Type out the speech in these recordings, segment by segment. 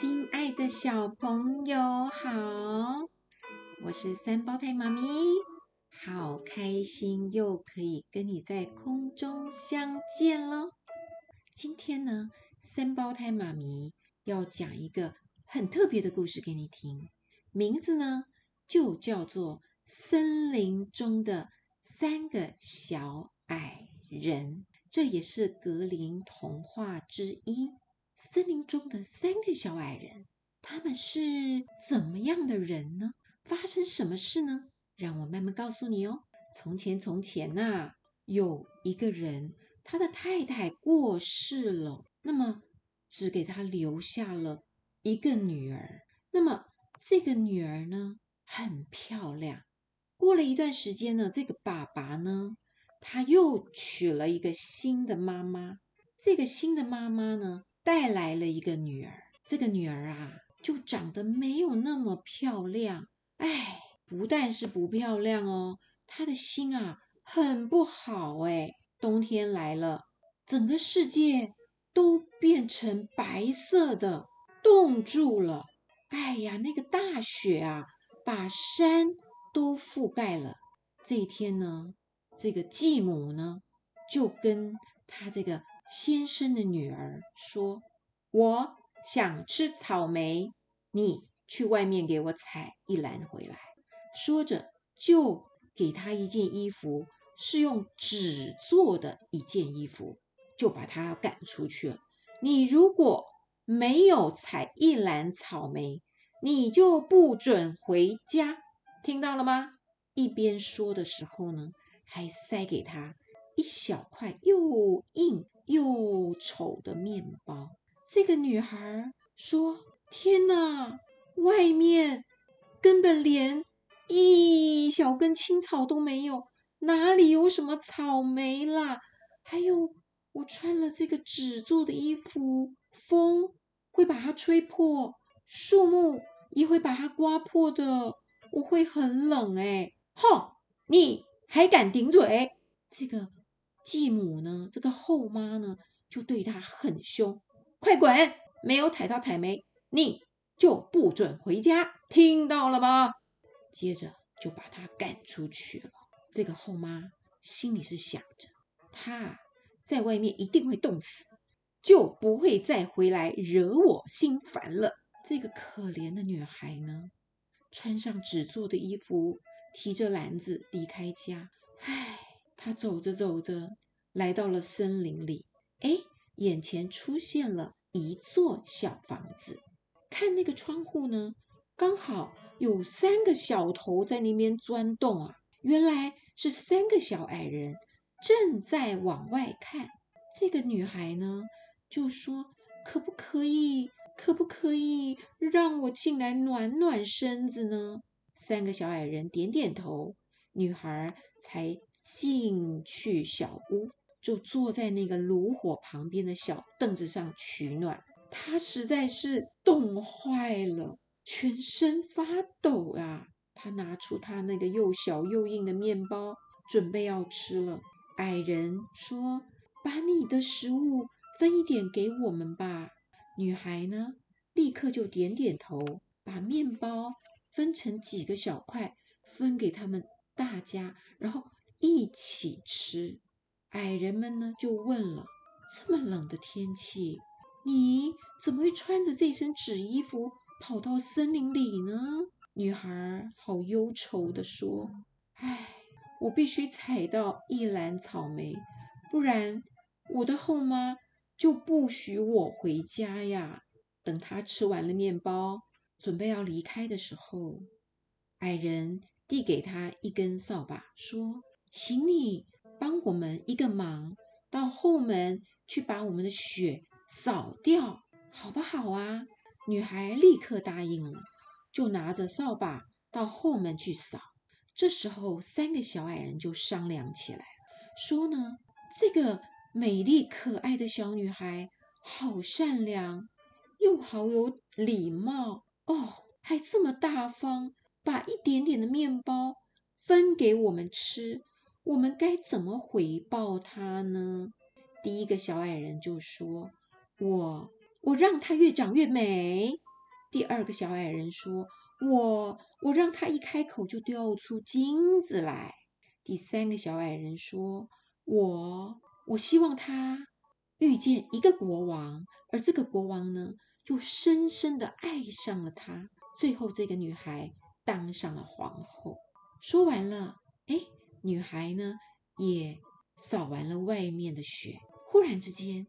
親愛的小朋友好，我是三胞胎媽咪，好開心又可以跟你在空中相見嘍。今天呢，三胞胎媽咪要講一個很特別的故事給你聽，名字呢就叫做《森林中的三個小矮人》，這也是格林童話之一。森林中的三個小矮人，他們是怎麼樣的人呢？發生什麼事呢？讓我慢慢告訴你哦。從前，從前吶、啊，有一個人，他的太太過世了，那麼只給他留下了一個女兒。那麼這個女兒呢，很漂亮。過了一段時間呢，這個爸爸呢，他又娶了一個新的媽媽。這個新的媽媽呢，帶來了一個女兒，這個女兒啊，就長得沒有那麼漂亮。哎，不但是不漂亮哦，她的心啊很不好。哎，冬天來了，整個世界都變成白色的，凍住了。哎呀，那個大雪啊，把山都覆蓋了。這一天呢，這個繼母呢，就跟她這個。先生的女兒說：“我想吃草莓，你去外面給我採一籃回來。”說着就給他一件衣服，是用紙做的一件衣服，就把他趕出去了。你如果沒有採一籃草莓，你就不准回家，聽到了嗎？一邊說的時候呢，還塞給他一小塊又硬又醜的麵包。這個女孩說：“天哪，外面根本連一小根青草都沒有，哪裡有什麼草莓啦？還有，我穿了這個紙做的衣服，風會把它吹破，樹木也會把它颳破的，我會很冷哎、欸！哼，你還敢頂嘴？這個。”繼母呢？這個後媽呢，就對她很兇，快滾！沒有採到草莓，你就不准回家，聽到了嗎？接着就把她趕出去了。這個後媽心裡是想着，她在外面一定會凍死，就不會再回來惹我心煩了。這個可憐的女孩呢，穿上紙做的衣服，提着籃子離開家。唉。他走着走着，來到了森林裡。哎，眼前出現了一座小房子。看那個窗戶呢，剛好有三個小頭在那邊鑽動啊！原來是三個小矮人正在往外看。這個女孩呢，就說：“可不可以，可不可以讓我進來暖暖身子呢？”三個小矮人點點頭，女孩才。進去小屋，就坐在那個爐火旁邊的小凳子上取暖。她實在是凍壞了，全身發抖啊！她拿出她那個又小又硬的麵包，準備要吃了。矮人說：“把你的食物分一點給我們吧。”女孩呢，立刻就點點頭，把麵包分成幾個小塊，分給他們大家，然後。一起吃，矮人們呢就問了：“這麼冷的天氣，你怎麼會穿着這身紙衣服跑到森林裡呢？”女孩好憂愁地說：“唉，我必須採到一籃草莓，不然我的後媽就不許我回家呀。”等她吃完了面包，準備要離開的時候，矮人遞給她一根掃把，說，請你幫我們一個忙，到後門去把我們的雪掃掉，好不好啊？女孩立刻答應了，就拿着掃把到後門去掃。這時候，三個小矮人就商量起來，說呢，這個美麗可愛的小女孩好善良，又好有禮貌，哦，還這麼大方，把一點點的麵包分給我們吃。我們該怎麼回報他呢？第一個小矮人就說：“我我讓他越長越美。”第二個小矮人說：“我我讓他一開口就掉出金子來。”第三個小矮人說：“我我希望他遇見一個國王，而這個國王呢，就深深地愛上了他。最後，這個女孩當上了皇後。”說完了，哎。女孩呢，也掃完了外面的雪。忽然之間，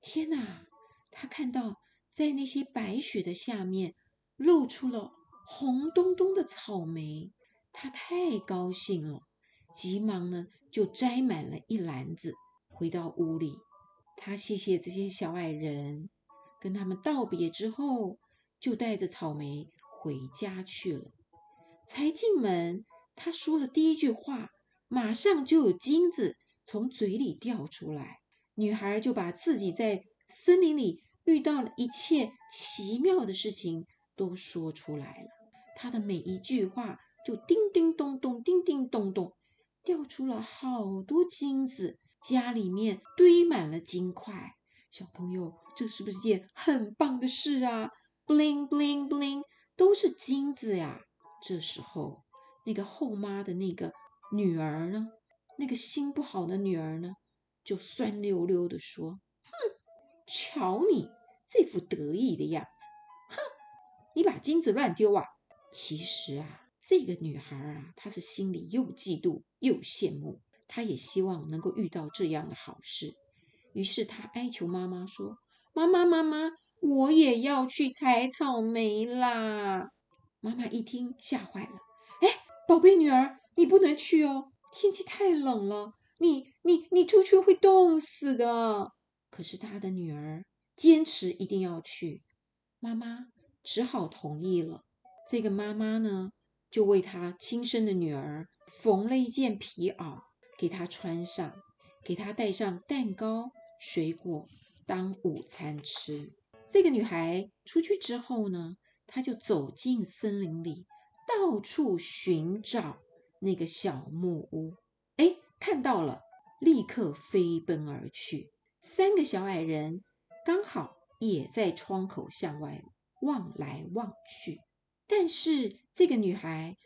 天哪！她看到在那些白雪的下面露出了紅彤彤的草莓，她太高興了，急忙呢就摘滿了一籃子，回到屋裡。她謝謝這些小矮人，跟他們道別之後，就帶着草莓回家去了。才進門，她說了第一句話。馬上就有金子從嘴裡掉出來，女孩就把自己在森林裡遇到了一切奇妙的事情都說出來了。她的每一句話就叮叮咚咚，叮叮咚咚，掉出了好多金子，家裡面堆滿了金塊。小朋友，這是不是件很棒的事啊？bling bling bling，都是金子呀！這時候，那個後媽的那個。女兒呢？那個心不好的女兒呢，就酸溜溜地說：“哼，瞧你這副得意的樣子，哼，你把金子亂丟啊！”其實啊，這個女孩啊，她是心裡又嫉妒又羨慕，她也希望能夠遇到這樣的好事。於是她哀求媽媽說：“媽媽，媽媽，我也要去採草莓啦！”媽媽一聽，嚇壞了：“哎，寶貝女兒！”你不能去哦，天氣太冷了，你你你出去會凍死的。可是他的女兒堅持一定要去，媽媽只好同意了。這個媽媽呢，就為她親生的女兒縫了一件皮袄，給她穿上，給她帶上蛋糕、水果當午餐吃。這個女孩出去之後呢，她就走進森林裡，到處尋找。那個小木屋，哎，看到了，立刻飛奔而去。三個小矮人剛好也在窗口向外望來望去，但是這個女孩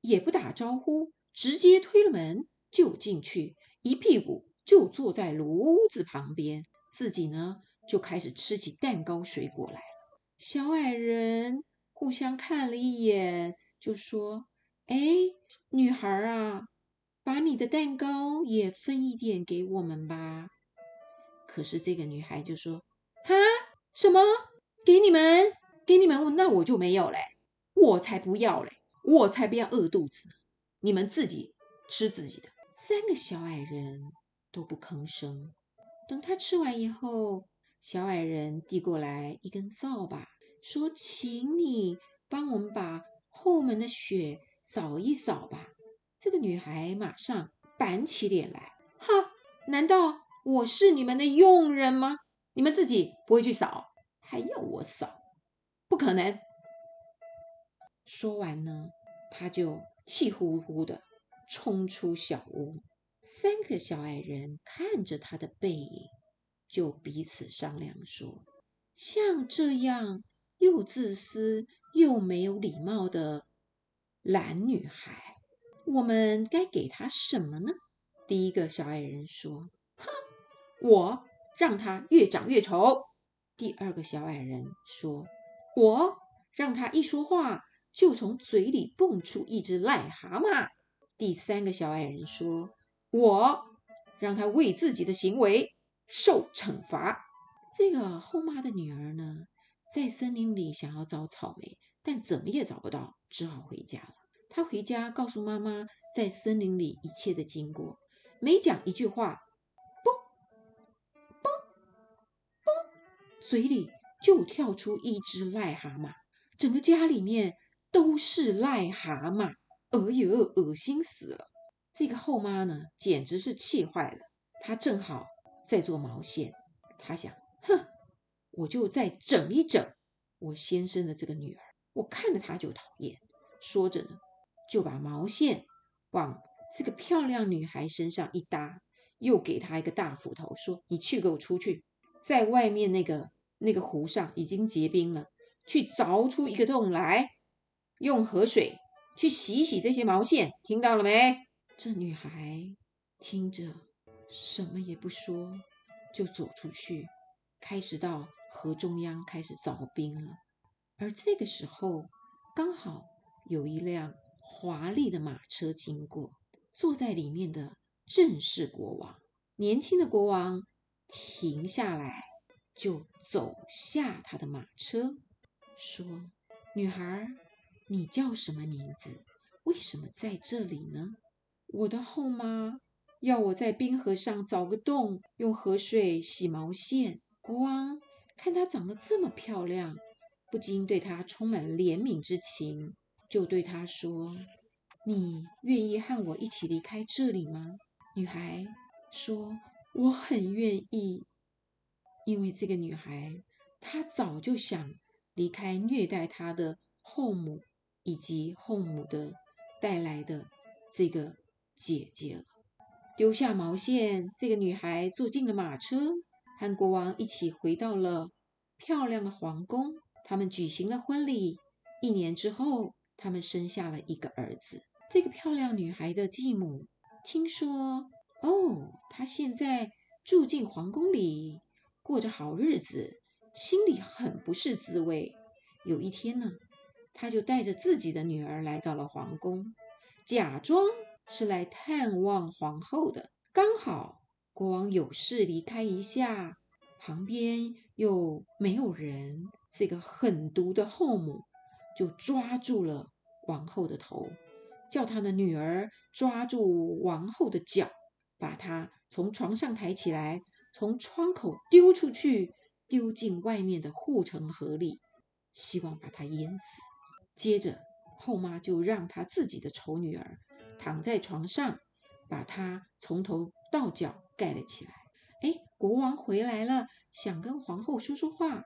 也不打招呼，直接推了門就進去，一屁股就坐在爐子旁邊，自己呢，就開始吃起蛋糕、水果來了。小矮人互相看了一眼，就說。哎，女孩啊，把你的蛋糕也分一點給我們吧。可是這個女孩就說：“哈，什麼？給你們，給你們？那我就沒有嘞，我才不要嘞，我才不要餓肚子，你們自己吃自己的。”三個小矮人都不吭聲。等他吃完以後，小矮人遞過來一根掃把，說：“請你幫我們把後門的雪。”掃一掃吧！這個女孩馬上板起臉來，哈！難道我是你們的傭人嗎？你們自己不會去掃，還要我掃？不可能！說完呢，她就氣呼呼的衝出小屋。三個小矮人看着她的背影，就彼此商量說：“像這樣又自私又沒有禮貌的。”懶女孩，我們該給她什麼呢？第一個小矮人說：“哼，我讓她越長越醜。”第二個小矮人說：“我讓她一說話就從嘴裡蹦出一只癩蛤蟆。”第三個小矮人說：“我讓她為自己的行為受懲罰。”這個後媽的女兒呢，在森林裡想要找草莓。但怎麼也找不到，只好回家了。他回家告訴媽媽在森林裡一切的經過，每講一句話，嘣嘣嘣，嘣，嘴裡就跳出一隻癩蛤蟆，整個家裡面都是癩蛤蟆，哎呦，噁心死了！這個後媽呢，簡直是氣壞了。她正好在做毛線，她想，哼，我就再整一整我先生的這個女兒。我看着他就討厭，說着呢，就把毛線往這個漂亮女孩身上一搭，又給她一個大斧頭，說：“你去給我出去，在外面那個那個湖上已經結冰了，去鑿出一個洞來，用河水去洗洗這些毛線，聽到了沒？”這女孩聽着什麼也不說，就走出去，開始到河中央開始鑿冰了。而這個時候，剛好有一輛華麗的馬車經過，坐在裡面的正是國王。年輕的國王停下來，就走下他的馬車，說：“女孩，你叫什麼名字？為什麼在這裡呢？”我的後媽要我在冰河上找個洞，用河水洗毛線。國王看她長得這麼漂亮。不禁對她充滿憐憫之情，就對她說：“你願意和我一起離開這裡嗎？”女孩說：“我很願意。”因為這個女孩，她早就想離開虐待她的後母以及後母的帶來的這個姐姐了。丟下毛線，這個女孩坐進了馬車，和國王一起回到了漂亮的皇宮。他們舉行了婚禮。一年之後，他們生下了一個兒子。這個漂亮女孩的繼母聽說，哦，她現在住進皇宮裡，過着好日子，心裡很不是滋味。有一天呢，她就帶着自己的女兒來到了皇宮，假裝是來探望皇後的。剛好國王有事離開一下，旁邊又沒有人。這個狠毒的後母就抓住了王後的頭，叫她的女兒抓住王後的腳，把她從床上抬起來，從窗口丟出去，丟進外面的護城河裡，希望把她淹死。接着，後媽就讓她自己的醜女兒躺在床上，把她從頭到腳蓋了起來。哎，國王回來了，想跟皇後說說話。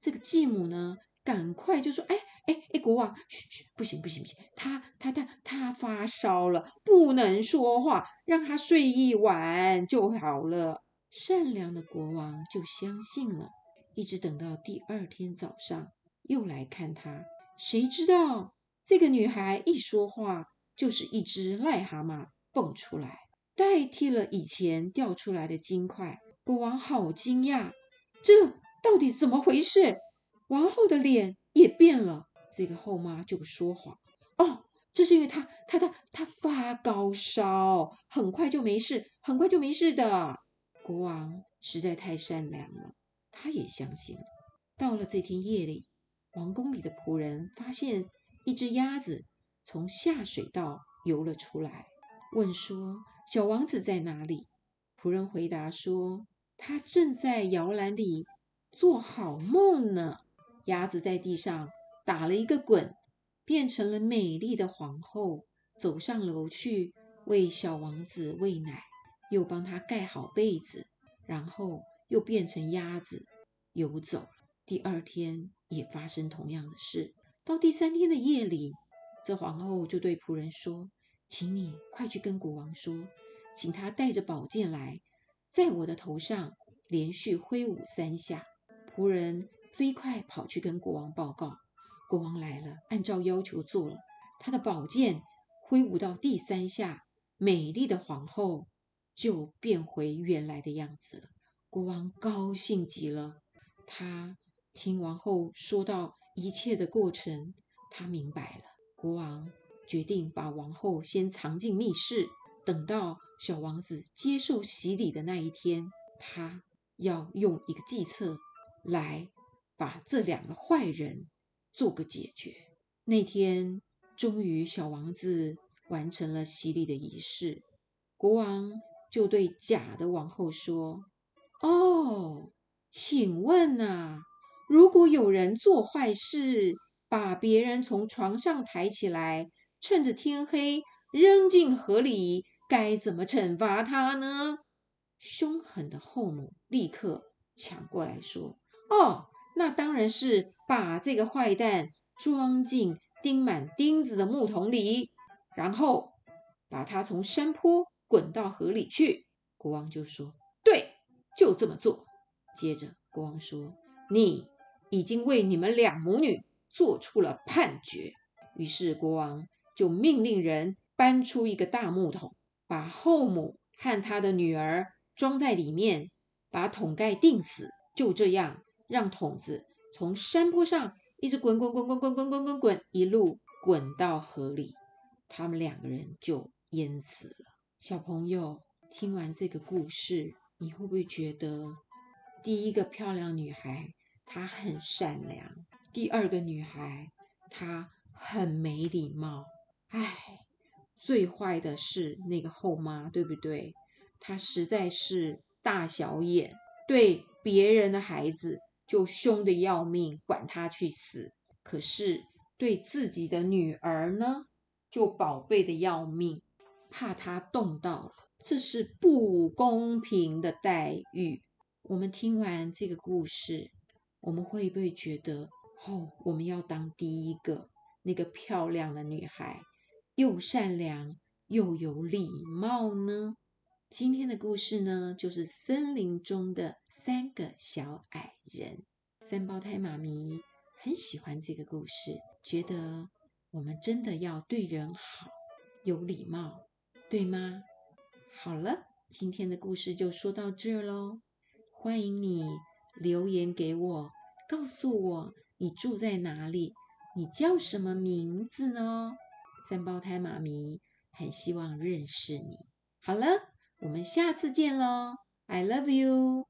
這個繼母呢，趕快就說：“哎哎哎，國王，噓噓不行不行不行，她她她她發燒了，不能說話，讓她睡一晚就好了。”善良的國王就相信了，一直等到第二天早上又來看她，誰知道這個女孩一說話，就是一隻癩蛤蟆蹦出來，代替了以前掉出來的金塊。國王好驚訝，這。到底怎麼回事？王後的臉也變了。這個後媽就不說謊。哦，這是因為他，他的他，他發高燒，很快就沒事，很快就沒事的。國王實在太善良了，他也相信了。到了這天夜裡，王宮裡的僕人發現一只鴨子從下水道游了出來，問說：“小王子在哪裡？”僕人回答說：“他正在搖籃裡。”做好夢呢，鴨子在地上打了一個滾，變成了美麗的皇後，走上樓去為小王子餵奶，又幫他蓋好被子，然後又變成鴨子游走。第二天也發生同樣的事。到第三天的夜裡，這皇後就對僕人說：“請你快去跟國王說，請他帶着寶劍來，在我的頭上連續揮舞三下。”僕人飛快跑去跟國王報告。國王來了，按照要求做了。他的寶劍揮舞到第三下，美麗的皇後就變回原來的樣子了。國王高興極了。他聽王后說到一切的過程，他明白了。國王決定把王后先藏進密室，等到小王子接受洗禮的那一天，他要用一個計策。來，把這兩個壞人做個解決。那天，終於小王子完成了洗禮的儀式，國王就對假的王后說：“哦，請問啊，如果有人做壞事，把別人從床上抬起來，趁着天黑扔進河裡，該怎麼懲罰他呢？”兇狠的後母立刻搶過來說。哦，那當然是把這個壞蛋裝進釘滿釘子的木桶裡，然後把他從山坡滾到河裡去。國王就說：“對，就這麼做。”接着，國王說：“你已經為你們兩母女做出了判決。”於是，國王就命令人搬出一個大木桶，把後母和她的女兒裝在裡面，把桶蓋釘死。就這樣。讓桶子從山坡上一直滾滾滾滾滾滾滾滾，一路滾到河裡，他們兩個人就淹死了。小朋友，聽完這個故事，你會不會覺得第一個漂亮女孩她很善良，第二個女孩她很沒禮貌？哎，最壞的是那個後媽，對不對？她實在是大小眼，對別人的孩子。就凶的要命，管他去死！可是對自己的女兒呢，就寶貝的要命，怕她凍到了。這是不公平的待遇。我們聽完這個故事，我們會不會覺得，哦，我們要當第一個那個漂亮的女孩，又善良又有禮貌呢？今天的故事呢，就是森林中的，三個小矮人，三胞胎媽咪很喜歡這個故事，覺得我們真的要對人好，有禮貌，對嗎？好了，今天的故事就說到這兒嘍。歡迎你留言給我，告訴我你住在哪裡，你叫什麼名字呢？三胞胎媽咪很希望認識你。好了，我們下次見嘍。I love you。